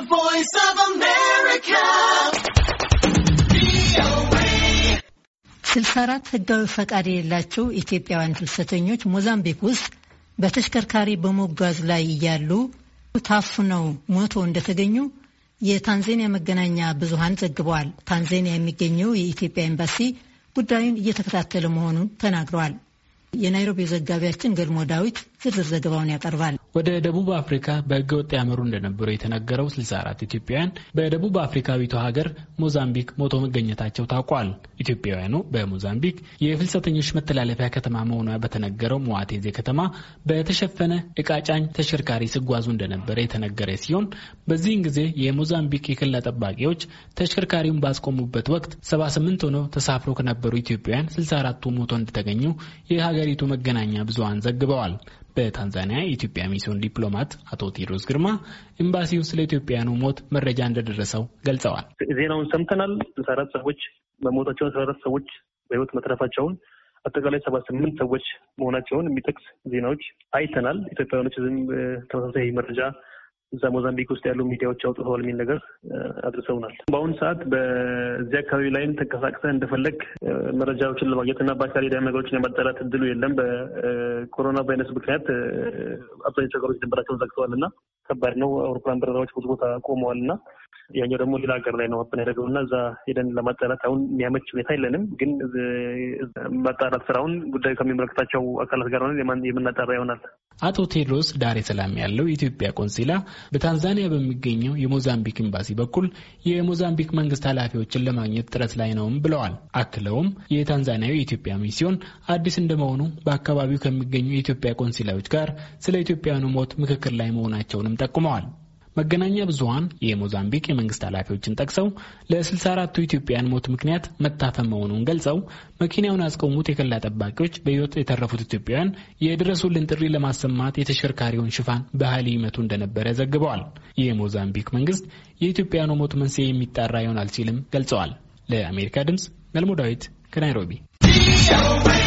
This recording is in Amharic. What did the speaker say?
The Voice of America. ስልሳ አራት ህጋዊ ፈቃድ የሌላቸው ኢትዮጵያውያን ፍልሰተኞች ሞዛምቢክ ውስጥ በተሽከርካሪ በሞጓዝ ላይ እያሉ ታፍነው ሞቶ እንደተገኙ የታንዛኒያ መገናኛ ብዙሃን ዘግበዋል። ታንዛኒያ የሚገኘው የኢትዮጵያ ኤምባሲ ጉዳዩን እየተከታተለ መሆኑን ተናግረዋል። የናይሮቢ ዘጋቢያችን ገልሞ ዳዊት ዝርዝር ዘገባውን ያቀርባል። ወደ ደቡብ አፍሪካ በህገ ወጥ ያመሩ እንደነበሩ የተነገረው 64 ኢትዮጵያውያን በደቡብ አፍሪካዊቱ ሀገር ሞዛምቢክ ሞቶ መገኘታቸው ታውቋል። ኢትዮጵያውያኑ በሞዛምቢክ የፍልሰተኞች መተላለፊያ ከተማ መሆኗ በተነገረው ሞዋቴዜ ከተማ በተሸፈነ እቃ ጫኝ ተሽከርካሪ ሲጓዙ እንደነበረ የተነገረ ሲሆን በዚህን ጊዜ የሞዛምቢክ የክልል ጠባቂዎች ተሽከርካሪውን ባስቆሙበት ወቅት 78 ሆነው ተሳፍሮ ከነበሩ ኢትዮጵያውያን 64ቱ ሞቶ እንደተገኙ የሀገሪቱ መገናኛ ብዙሃን ዘግበዋል። በታንዛኒያ የኢትዮጵያ ሚስዮን ዲፕሎማት አቶ ቴዎድሮስ ግርማ ኤምባሲው ስለ ኢትዮጵያውያኑ ሞት መረጃ እንደደረሰው ገልጸዋል። ዜናውን ሰምተናል። ስልሳ አራት ሰዎች መሞታቸውን፣ አስራ አራት ሰዎች በህይወት መትረፋቸውን አጠቃላይ ሰባ ስምንት ሰዎች መሆናቸውን የሚጠቅስ ዜናዎች አይተናል። ኢትዮጵያውያኖች ዝም ተመሳሳይ መረጃ እዛ ሞዛምቢክ ውስጥ ያሉ ሚዲያዎች አውጥተዋል የሚል ነገር አድርሰውናል። በአሁኑ ሰዓት በዚህ አካባቢ ላይም ተንቀሳቅሰህ እንደፈለግ መረጃዎችን ለማግኘት እና በአካል ነገሮችን የማጣራት እድሉ የለም። በኮሮና ቫይረስ ምክንያት አብዛኞቹ ሀገሮች ድንበራቸውን ዘግተዋል እና ከባድ ነው። አውሮፕላን በረራዎች ብዙ ቦታ ቆመዋል እና ያኛው ደግሞ ሌላ ሀገር ላይ ነው ኦፕን ያደረገው እና እዛ ሄደን ለማጣራት አሁን የሚያመች ሁኔታ የለንም። ግን ማጣራት ስራውን ጉዳዩ ከሚመለከታቸው አካላት ጋር ሆነን የምናጠራ ይሆናል። አቶ ቴድሮስ ዳሬ ሰላም ያለው የኢትዮጵያ ቆንሲላ በታንዛኒያ በሚገኘው የሞዛምቢክ ኤምባሲ በኩል የሞዛምቢክ መንግስት ኃላፊዎችን ለማግኘት ጥረት ላይ ነውም ብለዋል። አክለውም የታንዛኒያው የኢትዮጵያ ሚስዮን አዲስ እንደመሆኑ በአካባቢው ከሚገኙ የኢትዮጵያ ቆንሲላዎች ጋር ስለ ኢትዮጵያውያኑ ሞት ምክክር ላይ መሆናቸውንም ጠቁመዋል። መገናኛ ብዙሀን የሞዛምቢክ የመንግስት ኃላፊዎችን ጠቅሰው ለ64ቱ ኢትዮጵያውያን ሞት ምክንያት መታፈን መሆኑን ገልጸው መኪናውን ያስቆሙት የከላ ጠባቂዎች በህይወት የተረፉት ኢትዮጵያውያን የድረሱልን ጥሪ ለማሰማት የተሽከርካሪውን ሽፋን በኃይል ይመቱ እንደነበረ ዘግበዋል። የሞዛምቢክ መንግስት የኢትዮጵያኑ ሞት መንስኤ የሚጣራ ይሆናል ሲልም ገልጸዋል። ለአሜሪካ ድምፅ ገልሞ ዳዊት ከናይሮቢ